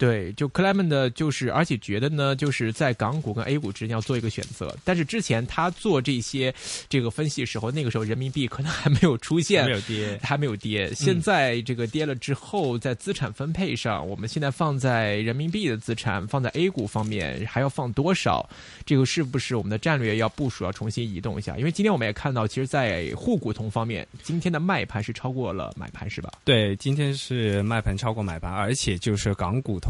對，就 Clement 的，就是而且覺得呢，就是在港股跟 A 股之間要做一個選擇。但是之前他做這些這個分析的時候，那個時候人民幣可能還沒有出現，還沒有跌，還沒有跌。現在這個跌了之後，嗯、在資產分配上，我們現在放在人民幣的資產，放在 A 股方面，還要放多少？這個是不是我們的戰略要部署，要重新移動一下？因為今天我們也看到，其實，在滬股通方面，今天的賣盤是超過了買盤，是吧？對，今天是賣盤超過買盤，而且就是港股通。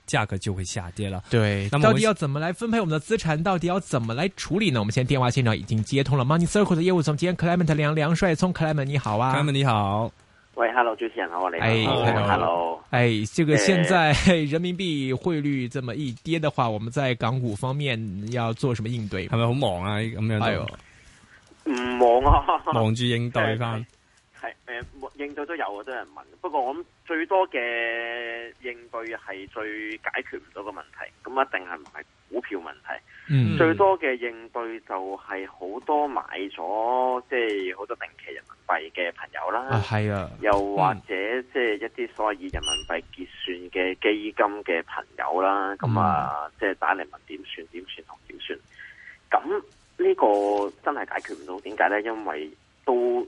價格就會下跌了。對，那麼到底要怎麼來分配我們的資產？到底要怎麼來處理呢？我們現在電話現場已經接通了，Money Circle 的業務總監 Clement 梁梁帥聰 Clement 你好啊 Clement 你好，喂，Hello 主持人好，我嚟，哎，Hello，哎，hello, 哎 hello, 這個現在 hey, 人民幣匯率這麼一跌的話，我們在港股方面要做什麼應對？係咪好忙啊？咁樣都，唔、哎嗯、忙啊， 忙住應對翻。哎哎係誒、呃，應對都有，都有人問。不過我諗最多嘅應對係最解決唔到嘅問題，咁一定係買股票問題。嗯，最多嘅應對就係好多買咗即係好多定期人民幣嘅朋友啦。係啊。啊又或者哇即係一啲所謂人民幣結算嘅基金嘅朋友啦。咁、嗯、啊，即係、嗯啊、打嚟問點算？點算同點算？咁呢、呢個真係解決唔到。點解呢？因為都。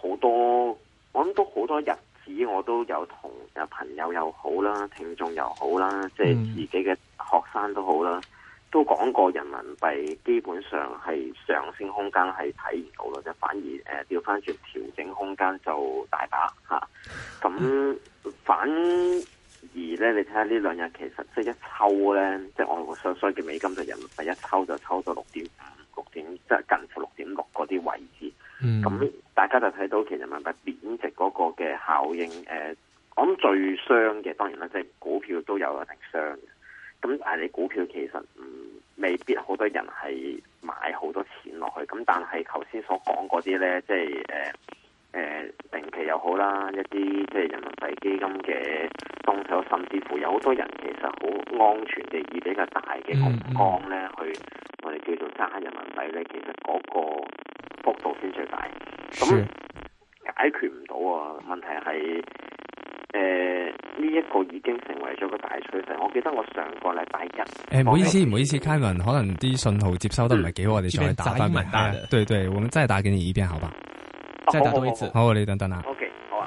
好多，我諗都好多日子，我都有同啊朋友又好啦，聽眾又好啦，即係自己嘅學生都好啦，都講過人民幣基本上係上升空間係睇唔到啦，就反而誒調翻轉調整空間就大把嚇。咁、啊、反而咧，你睇下呢兩日其實即係一抽咧，即係我所所謂嘅美金對人民幣一抽就抽到六點五、六點即係、就是、近乎六點六嗰啲位置。咁、嗯、大家就睇到其實人民幣貶值嗰個嘅效應，誒、呃，我諗最傷嘅當然啦，即、就、係、是、股票都有一定傷嘅。咁但係你股票其實唔、嗯、未必好多人係買好多錢落去。咁但係頭先所講嗰啲咧，即係誒誒，定期又好啦，一啲即係人民幣基金嘅動作，甚至乎有好多人其實好安全地以比較大嘅目光咧去我哋叫做揸人民幣咧，其實嗰、那個。幅度先最大，咁解決唔到啊！問題係，誒呢一個已經成為咗個大趨勢。我記得我上個禮拜一，誒唔好意思唔好意思，Kevin 可能啲信號接收得唔係幾好，我哋再打翻嚟嚇。對對，我哋真係打緊你呢邊，好吧？再打多一次，好你等等啊。OK，好啊。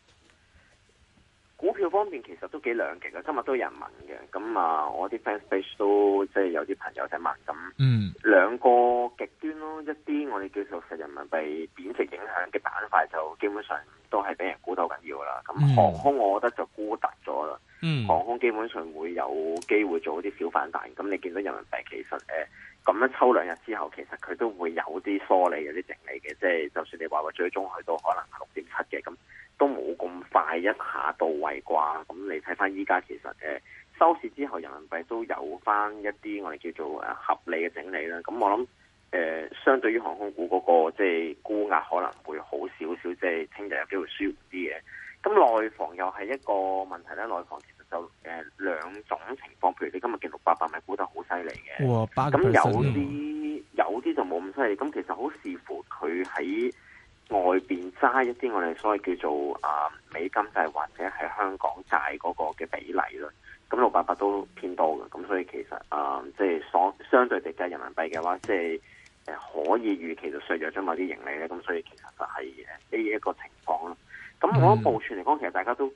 股票方面其實都幾兩極嘅，今日都有人問嘅，咁啊，我啲 fans page 都即係有啲朋友就問咁，兩個極端咯，一啲我哋叫做受人民幣貶值影響嘅板塊就基本上都係俾人估到緊要啦，咁航空我覺得就孤突咗啦，mm. 航空基本上會有機會做啲小反彈，咁你見到人民幣其實誒。咁樣抽兩日之後，其實佢都會有啲梳理、有啲整理嘅。即係，就算你話話最終佢都可能六點七嘅，咁都冇咁快一下到位啩。咁你睇翻依家，其實誒、呃、收市之後，人民幣都有翻一啲我哋叫做誒合理嘅整理啦。咁我諗誒、呃，相對於航空股嗰、那個即係估額，可能會好少少，即係聽日有機會舒服啲嘅。咁內房又係一個問題咧，內房。就誒、呃、兩種情況，譬如你今日見六百八咪沽得好犀利嘅，咁有啲有啲就冇咁犀利，咁、嗯、其實好視乎佢喺外邊揸一啲我哋所謂叫做啊、呃、美金債或者係香港債嗰個嘅比例咯。咁六百八都偏多嘅，咁所以其實啊、呃，即係相相對地計，人民幣嘅話，即係誒、呃、可以預期就削弱咗某啲盈利咧。咁所以其實就係誒呢一個情況咯。咁我覺得目前嚟講，嗯、其實大家都。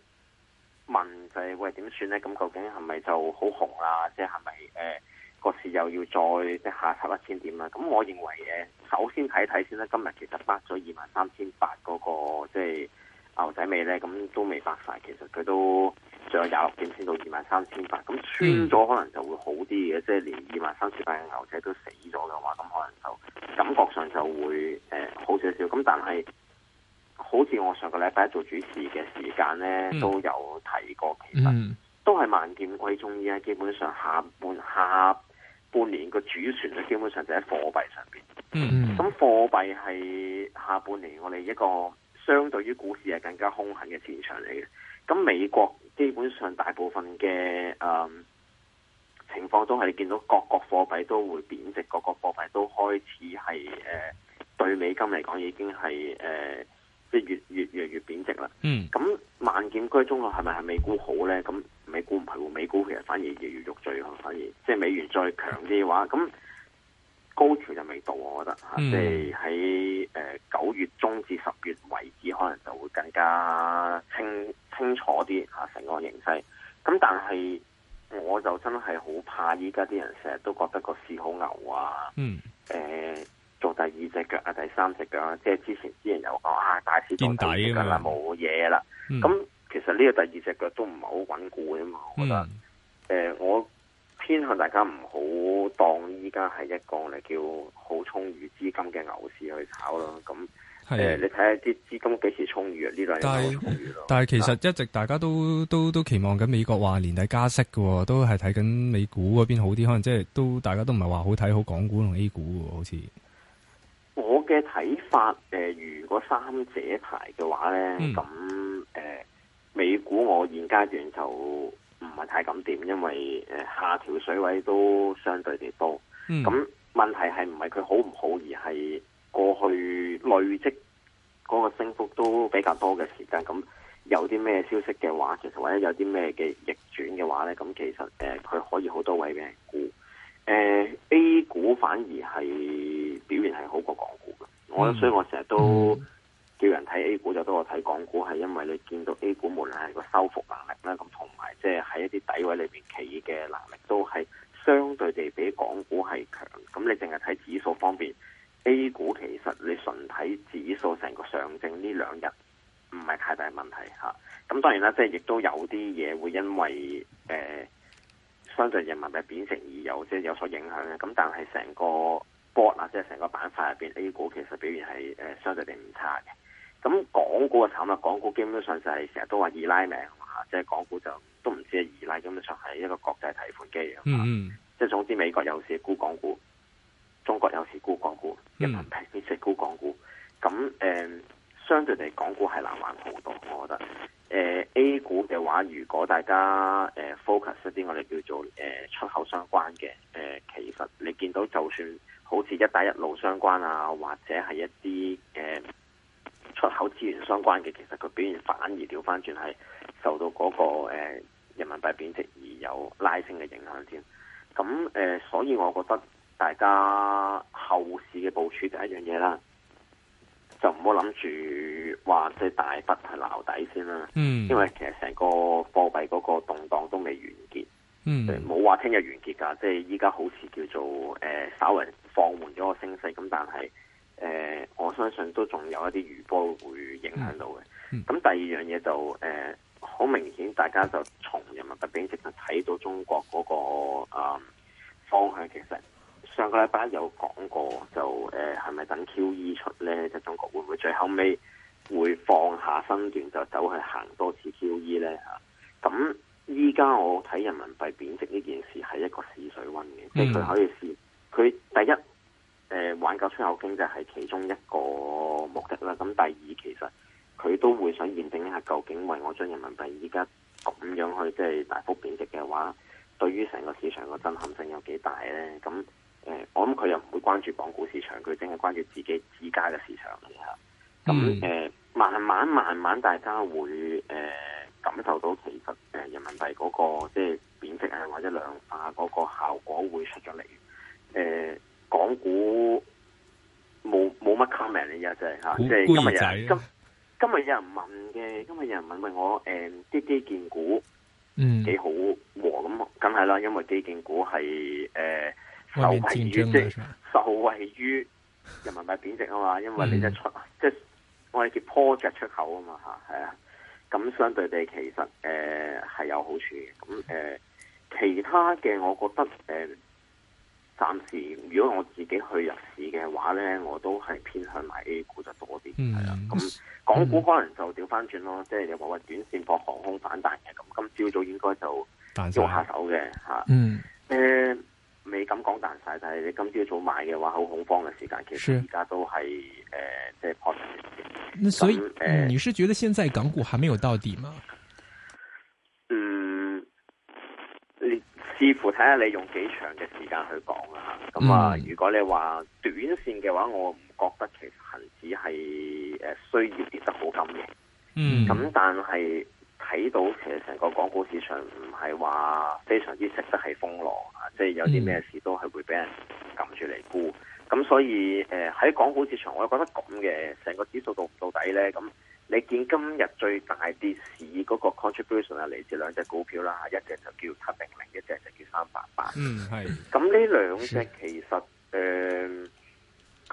問就係、是、喂點算咧？咁究竟係咪就好紅啊？即係係咪誒個市又要再即下插一千點啦？咁我認為誒，首先睇睇先啦。今日其實崩咗二萬三千八嗰個即係、就是、牛仔尾咧，咁都未崩晒。其實佢都仲有廿六點先到二萬三千八。咁穿咗可能就會好啲嘅，嗯、即係連二萬三千八嘅牛仔都死咗嘅話，咁可能就感覺上就會誒、呃、好少少。咁但係。好似我上個禮拜做主持嘅時間呢，嗯、都有提過，其實、嗯、都係萬變歸宗依啊。基本上下半下半年個主旋律，基本上就喺貨幣上邊。嗯，咁貨幣係下半年我哋一個相對於股市係更加兇狠嘅戰場嚟嘅。咁美國基本上大部分嘅誒、嗯、情況都係見到各國貨幣都會貶值，各國貨幣都開始係誒、呃、對美金嚟講已經係誒。呃即越越越越貶值啦，咁、嗯、萬險居中學係咪係美股好咧？咁美股唔係喎，美股其實反而越嚟越弱，最反而即美元再強啲嘅話，咁高潮就未到，我覺得嚇，即喺誒九月中至十月為止，可能就會更加清清楚啲嚇成個形勢。咁但係我就真係好怕，依家啲人成日都覺得個市好牛啊，嗯，誒、呃。做第二隻腳啊，第三隻腳啊，即係之前之前有講啊，大市跌底啲噶啦，冇嘢啦。咁、嗯、其實呢個第二隻腳都唔係好穩固啊嘛。我覺得誒、嗯呃，我偏向大家唔好當依家係一個我叫好充裕資金嘅牛市去炒咯。咁、嗯、誒是、呃，你睇下啲資金幾時充裕但啊？呢兩日，但係但係其實一直大家都都都期望緊美國話年底加息嘅、哦，都係睇緊美股嗰邊好啲。可能即係都大家都唔係話好睇好港股同 A 股喎，好似。嘅睇法，誒、呃，如果三者排嘅話，咧、嗯，咁誒、呃，美股我現階段就唔係太敢掂，因為誒、呃、下調水位都相對地多。咁、嗯、問題係唔係佢好唔好，而係過去累積嗰個升幅都比較多嘅時間，咁有啲咩消息嘅話，其實或者有啲咩嘅逆轉嘅話，咧，咁其實誒佢、呃、可以好多位俾人估，誒、呃、A 股反而係表現係好過港股。我、嗯、所以我成日都叫人睇 A 股就多過睇港股，係因為你見到 A 股無論係個收復能力啦，咁同埋即係喺一啲低位裏邊企嘅能力都係相對地比港股係強。咁你淨係睇指數方面，A 股其實你純睇指數成個上證呢兩日唔係太大問題吓。咁當然啦，即係亦都有啲嘢會因為誒、呃、相對人民幣貶值而有即係、就是、有所影響嘅。咁但係成個。啊，即係成個板塊入邊 A 股，其實表現係誒、呃、相對地唔差嘅。咁港股嘅產品，港股基本上就係成日都話二奶命，即係港股就都唔知係二奶，根本上係一個國際提款機啊、mm hmm. 即係總之，美國有時沽港股，中國有時沽港股，人民幣，一直沽港股。咁誒、mm hmm. 嗯，相對地，港股係難玩好多，我覺得。誒、呃、A 股嘅話，如果大家誒、呃、focus 一啲，我哋叫做誒、呃、出口相關嘅誒、呃，其實你見到就算。好似一帶一路相關啊，或者係一啲嘅、呃、出口資源相關嘅，其實佢表現反而調翻轉係受到嗰、那個誒、呃、人民幣貶值而有拉升嘅影響先。咁誒、呃，所以我覺得大家後市嘅部署第一樣嘢啦，就唔好諗住話即大筆係撈底先啦。嗯，mm. 因為其實成個貨幣嗰個動盪都未完結。嗯，冇話聽日完結㗎，即係依家好似叫做誒、呃，稍為放緩咗個升勢，咁但係誒、呃，我相信都仲有一啲餘波會影響到嘅。咁、嗯嗯、第二樣嘢就誒，好、呃、明顯大家就從人民幣貶值睇到中國嗰、那個啊、嗯、方向。其實上個禮拜有講過，就誒係咪等 QE 出咧？就是、中國會唔會最後尾會放下身段就走去行多次 QE 咧？吓、啊、咁。嗯依家我睇人民幣貶值呢件事係一個試水溫嘅，嗯、即係佢可以試。佢第一，誒挽救出口經濟係其中一個目的啦。咁第二其實佢都會想驗證一下，究竟為我將人民幣依家咁樣去即係大幅貶值嘅話，對於成個市場個震撼性有幾大咧？咁誒、呃，我諗佢又唔會關注港股市場，佢淨係關注自己自家嘅市場嘅嚇。咁誒、嗯呃，慢慢慢慢大家會誒。呃感受到其實誒人民幣嗰，那個即係貶值啊，或者量化嗰個效果會出咗嚟。誒、呃，港股冇冇乜 comment 咧，com 而家、啊、即係即係今日今今日有人問嘅，今日有人問問我誒啲基建股嗯幾好和咁？梗係啦，因為基建股係誒受惠於即係受惠於人民幣貶值啊嘛， 因為你一出、嗯、即係我哋叫 project 出口啊嘛嚇，係啊。啊啊啊咁相對地，其實誒係、呃、有好處嘅。咁、呃、誒，其他嘅我覺得誒，暫、呃、時如果我自己去入市嘅話咧，我都係偏向買 A 股得多啲，係啦、嗯。咁、嗯、港股可能就調翻轉咯，即係你話話短線博航空反彈嘅。咁今朝早應該就做下手嘅吓。光啊、嗯。誒、嗯，未敢講彈晒，但係你今朝早買嘅話，好恐慌嘅時間，其實而家都係。所以，你是覺得現在港股還沒有到底嗎？呃、嗯，視乎睇下你用幾長嘅時間去講啦、啊。咁啊，如果你話短線嘅話，我唔覺得其實恒指係誒需要跌得好緊密。嗯。咁但係睇到其實成個港股市場唔係話非常之食得起風浪啊，即係有啲咩事都係會俾人撳住嚟沽。嗯嗯咁所以誒喺、呃、港股市場，我覺得咁嘅成個指數到到底咧，咁你見今日最大跌市嗰個 contribution 啊，嚟自兩隻股票啦嚇，一隻就叫七零零，一隻就叫三百八。嗯，係。咁呢兩隻其實誒、呃、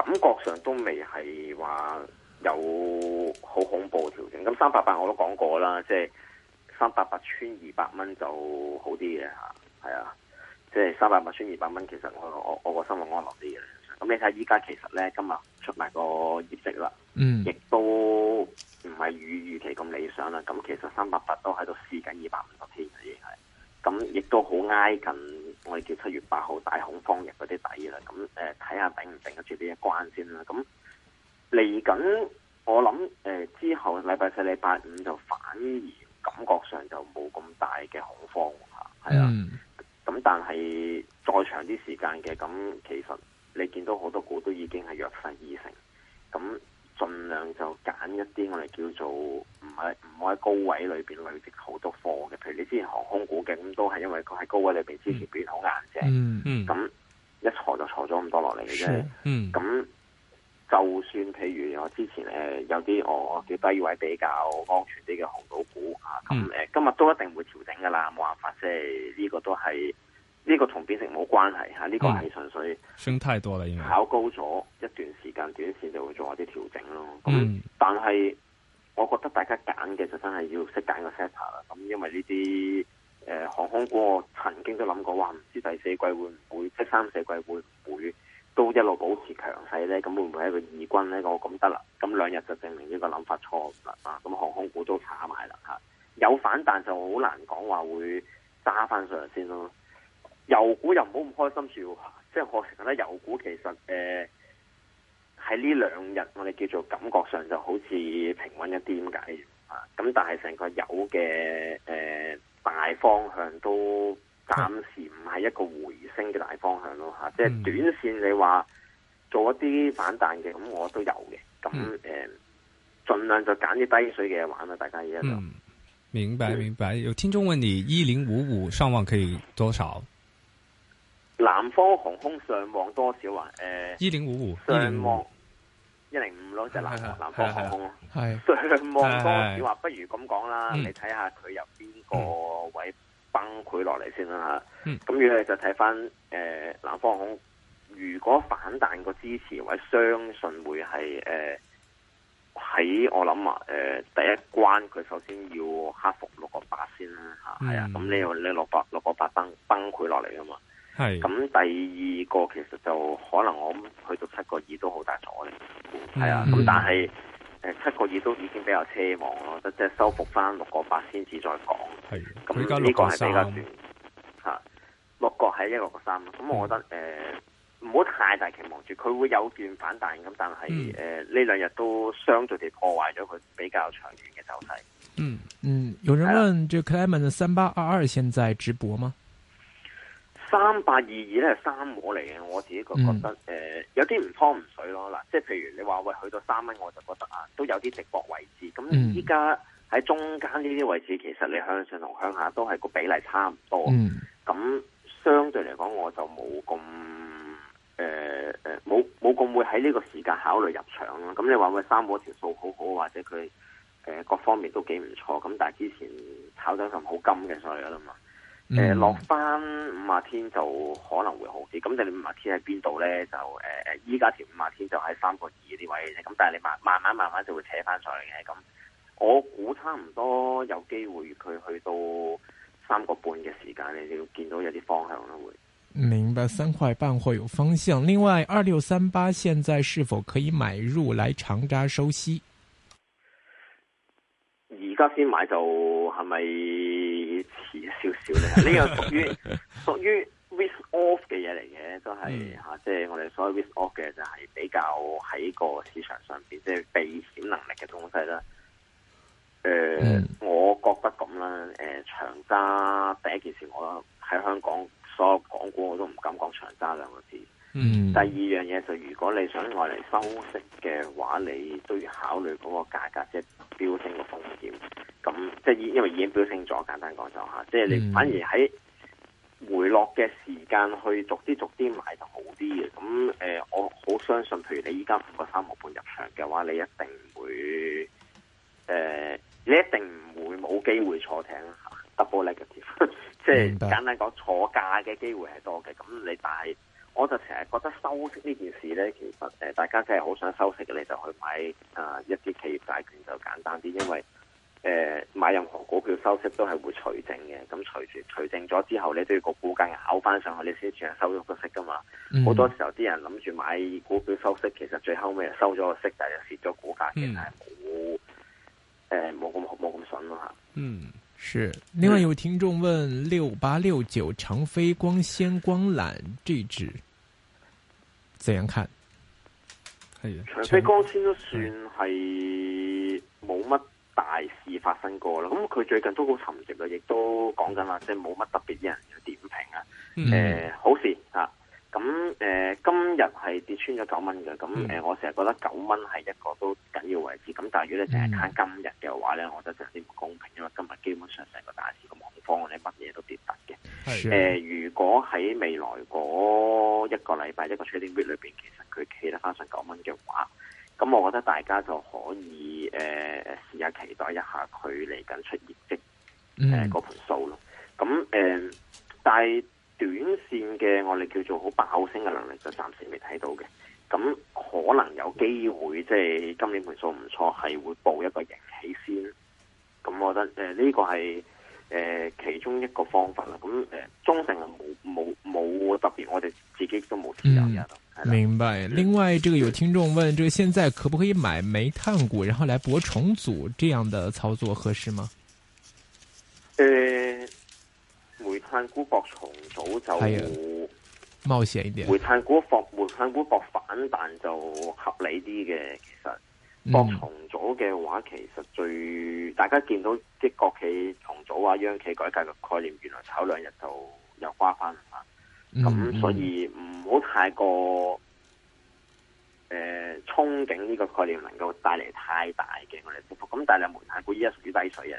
感覺上都未係話有好恐怖條件。咁三百八我都講過啦，即係三百八穿二百蚊就好啲嘅嚇，係啊，即係三百八穿二百蚊，其實我我我個心好安樂啲嘅。咁你睇依家其實咧，今日出埋個業績啦，亦都唔係與預期咁理想啦。咁其實三百八都喺度試緊二百五十天嘅嘢係，咁亦都好挨近我哋叫七月八號大恐慌嘅嗰啲底啦。咁誒睇下頂唔頂，頂得住呢一關先啦。咁嚟緊我諗誒之後禮拜四、禮拜五就反而感覺上就冇咁大嘅恐慌嚇，係啊。咁、嗯、但係再長啲時間嘅，咁其實～你見到好多股都已經係弱勢已成，咁儘量就揀一啲我哋叫做唔係唔好喺高位裏邊，累積好多貨嘅，譬如你之前航空股嘅咁，都係因為佢喺高位裏邊之前表現好硬淨、嗯，嗯嗯，咁一坐就坐咗咁多落嚟嘅啫，嗯，咁就算譬如我之前誒有啲我叫低位比較安全啲嘅航空股啊，咁誒、嗯、今日都一定會調整噶啦，冇辦法，即係呢個都係。呢個同變成冇關係嚇，呢、這個係純粹升太多了，因為炒高咗一段時間，短線就會做一啲調整咯。咁、嗯、但係，我覺得大家揀嘅就真係要識揀個 sector 啦。咁因為呢啲誒航空股，我曾經都諗過話，唔知第四季會唔會即三四季會唔會都一路保持強勢咧？咁會唔會係一個二軍咧？個咁得啦，咁兩日就證明呢個諗法錯啦啊！咁航空股都炒埋啦嚇，有反彈就好難講話會揸翻上先咯。油股又唔好咁開心住，即係我成日覺得，油股其實誒喺呢兩日，我哋叫做感覺上就好似平穩一啲咁解啊。咁但係成個油嘅誒、呃、大方向都暫時唔係一個回升嘅大方向咯吓。嗯、即係短線你話做一啲反彈嘅，咁我都有嘅。咁、嗯、誒、嗯呃，盡量就揀啲低水嘅玩啦，大家而家就、嗯。明白明白。有聽眾問你一零五五上望可以多少？南方航空上望多少啊？誒、欸，一零五五上望一零五咯，即係南一句南方航空咯。係上望多少？話一句，不如咁講啦，你睇下佢有邊個位崩潰落嚟先啦吓。咁樣你就睇翻誒南方航空，如果反彈個支持位，相信會係誒喺我諗啊，誒第一關佢首先要克服六個八先啦吓。係、嗯、啊，咁你個呢六個六個八崩崩潰落嚟啊嘛。係咁，第二個其實就可能我去到七個二都好大阻力嘅，係啊。咁但係誒七個二都已經比較奢望咯，即係修復翻六個八先至再講。係，咁呢個係比較短吓，六個係一個六三。咁我覺得誒唔好太大期望住，佢會有段反彈咁，但係誒呢兩日都相對地破壞咗佢比較長遠嘅走勢。嗯嗯，有人問，這 Clement 嘅三八二二現在直播嗎？三八二二咧，三股嚟嘅，我自己佢覺得誒、嗯呃、有啲唔方唔水咯。嗱，即係譬如你話喂，去到三蚊，我就覺得啊，都有啲值博位置。咁依家喺中間呢啲位置，其實你向上同向下都係個比例差唔多。咁、嗯、相對嚟講，我就冇咁誒誒，冇冇咁會喺呢個時間考慮入場咯。咁你話喂，三股條數好好，或者佢誒、呃、各方面都幾唔錯。咁但係之前炒得咁好金嘅所以啦嘛。誒落翻五十天就可能會好啲，咁你五十天喺邊度咧？就誒誒，依家條五十天就喺三個二呢位嘅，咁但係你慢慢慢慢慢就會扯翻上嚟嘅。咁我估差唔多有機會佢去到三個半嘅時間，你要見到有啲方向咯。會明白三塊半會有方向。另外，二六三八現在是否可以買入來長揸收息？家先買就係咪遲少少咧？呢個 屬於屬於 risk off 嘅嘢嚟嘅，都係嚇，即係我哋所謂 risk off 嘅就係比較喺個市場上邊，即係避險能力嘅東西啦。誒、呃，嗯、我覺得咁啦。誒、呃，長揸第一件事，我喺香港所有港股我都唔敢講長揸兩個字。嗯，第二樣嘢就如果你想外嚟收息嘅話，你都要考慮嗰個價格即係飆升嘅風險。咁即係因因為已經飆升咗，簡單講就吓、是，即係你反而喺回落嘅時間去逐啲逐啲買就好啲嘅。咁誒、呃，我好相信，譬如你依家五個三毫半入場嘅話，你一定唔會誒、呃，你一定唔會冇機會坐艇 double 利嘅票，即係、 就是嗯、簡單講坐價嘅機會係多嘅。咁你大。我就成日覺得收息呢件事呢，其實誒、呃、大家真係好想收息嘅，你就去買啊、呃、一啲企業債券就簡單啲，因為誒、呃、買任何股票收息都係會除淨嘅，咁除住除淨咗之後你都要個股價考翻上去，你先至算係收咗個息噶嘛。好、嗯、多時候啲人諗住買股票收息，其實最後尾收咗個息，但係蝕咗股價，嗯、其實係冇冇咁冇咁筍咯嗯。是，另外有聽眾問、嗯、六八六九長飛光纖光纜這支怎樣看？長飛光纖都算係冇乜大事發生過啦，咁佢、嗯、最近都好沉寂啦，亦都講緊啦，即係冇乜特別嘅人去點評啊，誒、呃，好事啊。咁誒、呃，今日係跌穿咗九蚊嘅，咁誒、嗯呃，我成日覺得九蚊係一個都緊要位置。咁但係如果你淨係睇今日嘅話咧，我覺得就有啲唔公平，因為今日基本上成個大市咁恐慌咧，乜嘢都跌緊嘅。誒的、呃，如果喺未來嗰一個禮拜一個 Trading Week 裏邊，其實佢企得翻上九蚊嘅話，咁我覺得大家就可以誒、呃、試下期待一下佢嚟緊出業績嘅誒嗰盤數咯。咁誒、呃，但係。短線嘅我哋叫做好爆升嘅能力就暫時未睇到嘅，咁可能有機會即係今年盤數唔錯，係會報一個盈起先。咁我覺得誒呢個係誒其中一個方法啦。咁誒中性係冇冇冇特別，我哋自己都冇指引嘅。明白。另外，這個有聽眾問，這個現在可不可以買煤炭股，然後來博重組這樣的操作合適嗎？誒。炭股博重組就冒險一點，煤炭股博煤炭股博反彈就合理啲嘅。其實博重組嘅話，其實最大家見到即國企重組啊、央企改革嘅概念，原來炒兩日就又瓜翻啦。咁、嗯、所以唔好太過誒、呃、憧憬呢個概念能夠帶嚟太大嘅我哋，咁但係煤炭股依家屬於低水嚟。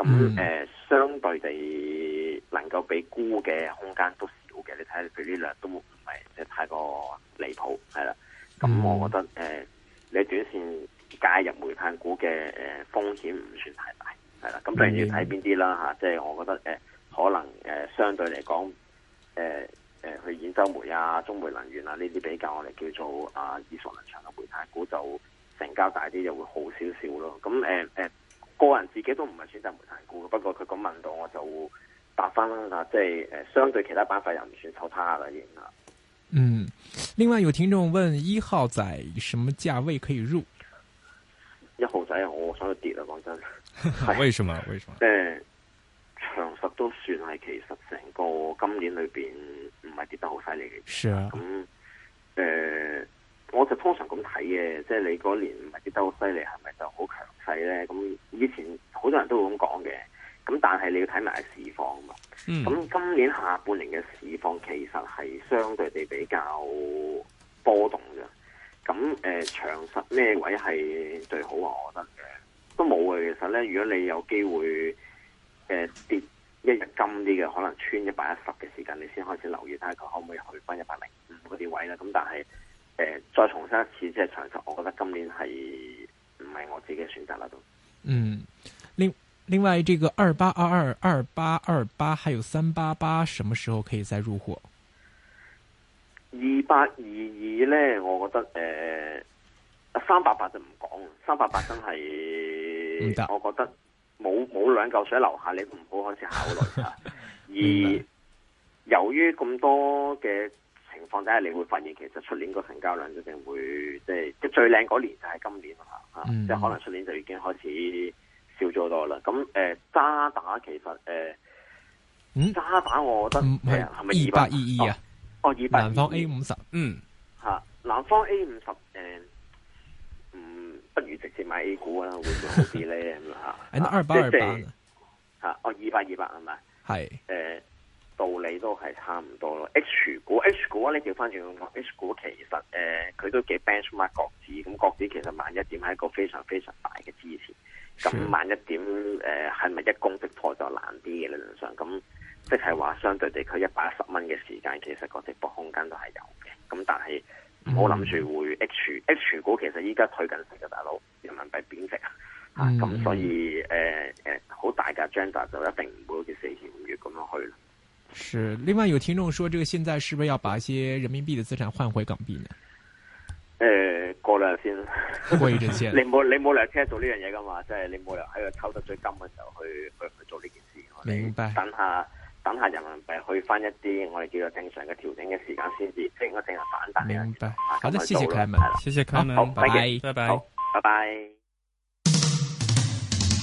咁誒，嗯、相對地能夠俾沽嘅空間都少嘅。你睇下，佢呢兩都唔係即係太過離譜，係啦。咁、嗯嗯、我覺得誒、呃，你短線介入煤炭股嘅誒風險唔算太大，大，係啦。咁當然要睇邊啲啦嚇，即係我覺得誒、呃，可能誒、呃、相對嚟講誒誒，去兗州煤啊、中煤能源啊呢啲比較，我哋叫做啊耳熟能詳嘅煤炭股就成交大啲，就會好少少咯。咁誒誒。嗯嗯嗯嗯嗯個人自己都唔係選擇煤炭股，不過佢咁問到我就答翻啦，即係誒、呃、相對其他板塊又唔算太差啦已經啦。嗯，另外有聽眾問一號仔什麼價位可以入？一號仔我想跌啦，講真。為什麼？為什麼？即係長實都算係其實成個今年裏邊唔係跌得好犀利嘅。是啊。咁誒、嗯。呃我就通常咁睇嘅，即係你嗰年唔係跌得好犀利，係咪就好強勢咧？咁以前好多人都會咁講嘅，咁但係你要睇埋市況嘛。咁、嗯、今年下半年嘅市況其實係相對地比較波動嘅。咁誒長實咩位係最好啊？我覺得嘅都冇嘅。其實咧，如果你有機會誒、呃、跌一日金啲嘅，可能穿一百一十嘅時間，你先開始留意睇下佢可唔可以去翻一百零五嗰啲位啦。咁但係。再重申一次，即係長實，我覺得今年係唔係我自己嘅選擇啦都。嗯，另另外，這個二八二二、二八二八，還有三八八，什麼時候可以再入貨？二八二二呢，我覺得誒，三八八就唔講，三八八真係， 嗯、我覺得冇冇兩嚿水留下，你唔好開始考慮、 嗯、而由於咁多嘅。情況底下你會發現，其實出年個成交量一定會即係即最靚嗰年就係今年吓、啊，即係可能出年就已經開始少咗多啦。咁誒渣打其實誒，揸、呃嗯、打我覺得係咪二百二二啊？哦、呃，二南方 A 五十、嗯，嗯吓、啊，南方 A 五十誒，嗯，不如直接買 A 股啦，會好啲咧咁啊。誒、 啊，二八二八吓，哦、啊，二八二八係咪？係誒。道理都係差唔多咯。H 股，H 股你調翻轉講，H 股其實誒，佢、呃、都幾 benchmark 國指，咁國指其實萬一點係一個非常非常大嘅支持。咁萬一點誒，係、呃、咪一攻跌破就難啲嘅，理論上，咁即係話相對地，佢一百一十蚊嘅時間，其實嗰直播空間都係有嘅。咁但係唔好諗住會 H，H、mm hmm. 股其實依家退緊成嘅大佬，人民幣貶值、mm hmm. 啊，吓咁所以誒誒，好、呃、大嘅 j a 就一定唔會好似四月五月咁樣去。是，另外有聽眾說，這個現在是不是要把一些人民幣的資產換回港幣呢？誒、呃，過兩日先，過一陣先。你冇你冇落車做呢樣嘢噶嘛？即係你冇理由喺度抽得最金嘅時候去去去做呢件事。明白。等下等下，等下人民幣去翻一啲，我哋叫做正常嘅調整嘅時間先至，整個淨係反彈。明白。好的，謝謝凱文，謝謝凱文。拜，拜，拜拜，拜拜。